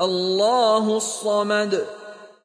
الله الصمد